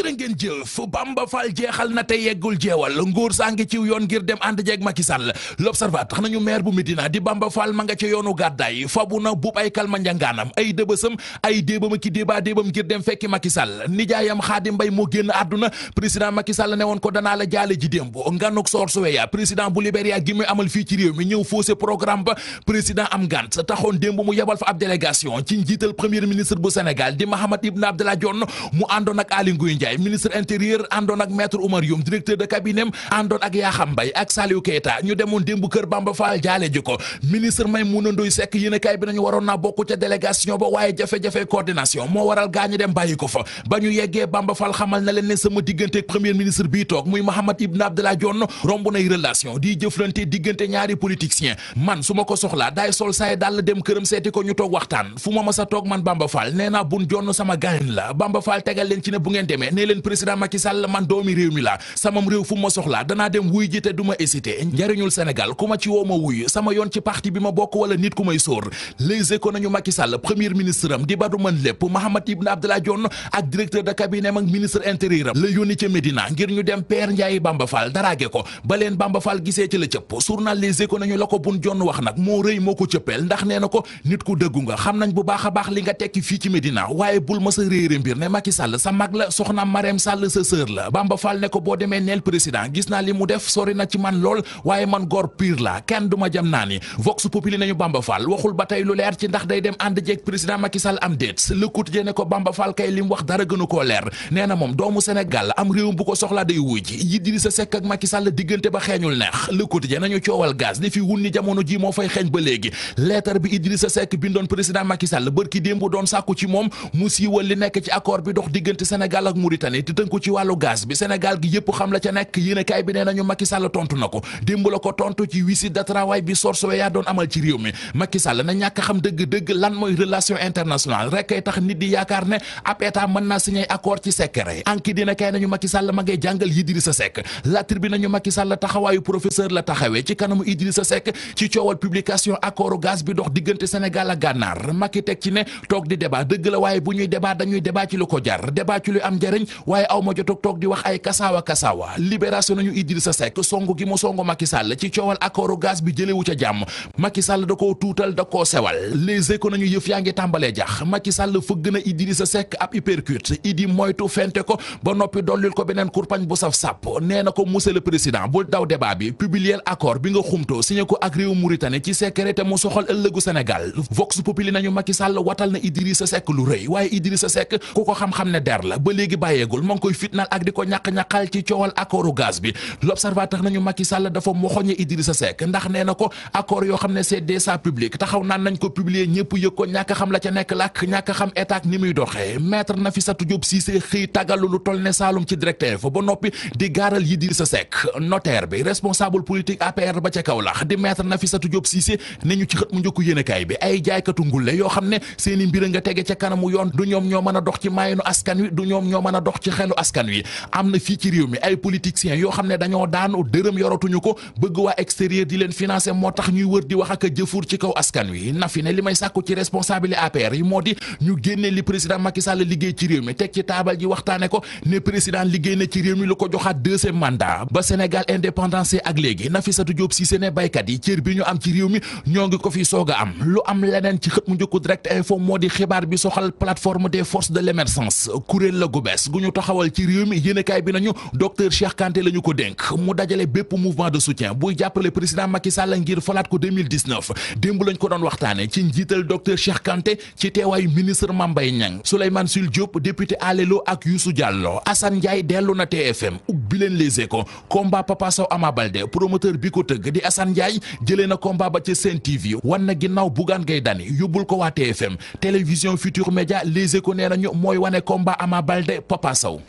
jërë ngeen jëf Bamba Fall jeexal na te yeggul jeewal nguur saa ngi yoon ngir dem ànd jeeg Macky Sall l'observateur xana ñu maire bu Medina di Bamba Fall ma nga yoonu gàddaay fabu na buub ay kalma njangaanam ay dëbësam ay déebam ki déebaa déebam ngir dem fekki Macky Sall nijaayam Xaadim Mbay moo génn àdduna président Macky Sall ne woon ko danaa la jaale ji démb nganuk soor suweya président bu Libéria gi muy amal fii ci réew mi ñëw faussé programme ba président am ngant taxoon démb mu yebal fa ab délégation ci njiital premier ministre bu Sénégal di Mahammed Ibn Abdallah Dionne mu àndoon ak Aly Ngouille Ndiaye ministre intérieur àndoon ak maître Oumar Youm directeur de cabinet am àndoon ak Yakham Mbaye ak Saliou Keita ñu demoon démb kër Bamba Fall jaale ji ko ministre a Ndoye Seck yéenekaay bi nañu waroon naa bokk ca délégation ba waaye jafe-jafe coordination moo waral gaañu dem bàyyi ko fa ba ñu yeggee Bamba xamal na leen ne sama diggante premier ministre bii toog muy Mahammed Ibn Abdallah Dionne romb nay relation di jëflante diggante ñaari ko soxlaa daay sol saay dal ko ñu toog waxtaan fu ma masa toog man Bamba Fall ne leen président Macky Sall man doomi réew mi la samam réew fu ma soxlaa danaa dem wuy ji te du ma hésité njariñul Sénégal ku ma ci woo ma wuy sama yoon ci parti bi ma bokk wala nit ku may sóor les na nañu Macky Sall premier ministre am di badu man lépp Mahammed Ibn Abdallah Dionne ak directeur de cabinet am ak ministre intérieur am la yónni ca Médina ngir ñu dem Père Ndiaye Bamba Fall daraage ko ba leen Bamba Fall gisee ci la cëpp journal les éco nañu la ko bun Dionne wax nag moo rëy moo ko cëppeel ndax nee na ko nit ku dëggu nga xam nañ bu baax a baax li nga tekki fii ci Médina waaye bul ma sa réere sa mag la soxna maanaam Marème Sall sa sœur la Bamba Fall ne ko boo demee neel président gis naa li mu def sori na ci man lool waaye man góor pire la kenn du jam naa ni Vox Populi nañu Bamba Fall waxul ba tey lu leer ci ndax day dem ànd jeeg président Macky Sall am déet Le Quotidien ne ko Bamba Fall kay li mu wax dara gënu koo leer nee na moom doomu Sénégal am réewum bu ko soxlaa day wuy ji Idrissa Seck ak Macky Sall diggante ba xeeñul neex Le Quotidien nañu coowal gaz li fi ji moo fay xeeñ ba léegi leetar bi Idrissa Seck bindoon président Macky Sall bërki démb doon sàkku ci moom mu siiwal li nekk ci accord bi dox diggante Sénégal ak Mauritanie te ci wàllu gaz bi Sénégal gi yëpp xam la ca nekk yéenekaay bi nee nañu Macky Sall tontu na ko démb la ko tontu ci visite de travail bi Source A yaa doon amal ci réew mi Macky Sall na ñàkk xam dëgg-dëgg La waaye bu ñuy débat dañuy débat ci lu ko jar débat ci lu am njariñ waaye aw jotug toog di wax ay kasaawa kasaawa libération nañu Idrissa Seck songu gi mu songu Macky Sall ci coowal accordu gaz bi jëlewu ca jàmm Macky da koo tuutal da koo sewal les éco nañu yëf yaa ngi tàmbalee jax Macky Sall fëgg na Idrissa Seck ab hypercute idi moytu fente ko ba noppi dollil ko beneen kurpañ bu saf sàpp nee ko monsieur le président bul daw débat bi publier accord bi nga xumtoo signé ko ak réew Mauritanie ci secret te mu bàyyeegul ma ngi koy fitnaal ak di ko ñàq-ñàqal ci coowal accordu gaz bi l'observateur nañu Macky Sall dafa moxoñe Idrissa Seck ndax nee na ko accord yoo xam ne c'est déjà public taxaw naan nañ ko publier ñëpp yëg ko ñàkk xam la ca nekk lak ñàkk xam état ni muy doxee maître Nafissatou Diop Cissé xëy tagalu lu toll ne Saalum ci directeur ba noppi di gaaral Idrissa Seck notaire bi responsable politique APR ba ca Kaolack di maître Nafissatou Diop Cissé ne ñu ci ne a a a dox ci xelu askan wi am na fii ci réew mi ay politiciens yoo xam ne dañoo daanu dërëm yoratuñu ko bëgg waa extérieur di leen financé moo tax ñuy wër di wax ak a jëfur ci kaw askan wi na fi ne li may sàkku ci responsable APR yi moo di ñu génne li président Macky Sall liggéey ci réew mi teg ci taabal ji waxtaane ko ne président liggéey na ci réew mi lu ko joxaat deuxième mandat ba Sénégal indépendancé ak léegi Nafissatou Diop Cissé ne baykat yi cër bi ñu am ci réew mi ñoo ngi ko fi soog a am lu am leneen ci xët mu njëkku moo di xibaar bi soxal plateforme des forces de l'émergence kuréel la gu bees gu ñu taxawal ci réew mi yéenekaay bi nañu docteur Cheikh Kanté la ñu ko dénk mu dajale bépp mouvement de soutien buy jàppale président Macky Sall ngir falaat ko 2019 démb lañ ko doon waxtaane ci njiital docteur Cheikh Kanté ci teewaayu ministre Mame Mbaye Niang Souleymane Jules Diop député Alelo ak Youssou Diallo Assane Ndiaye dellu na TFM bi leen ko Échos combat Papa Sow Ama Baldé promoteur bi ko tëgg di Assane Ndiaye jëlee na combat ba ca Sen TV wan na ginnaaw Bougane Gueye Dany yóbbul ko waa TFM télévision Futur Média Les ko nee nañu mooy wane komba Ama Baldé Papa Sow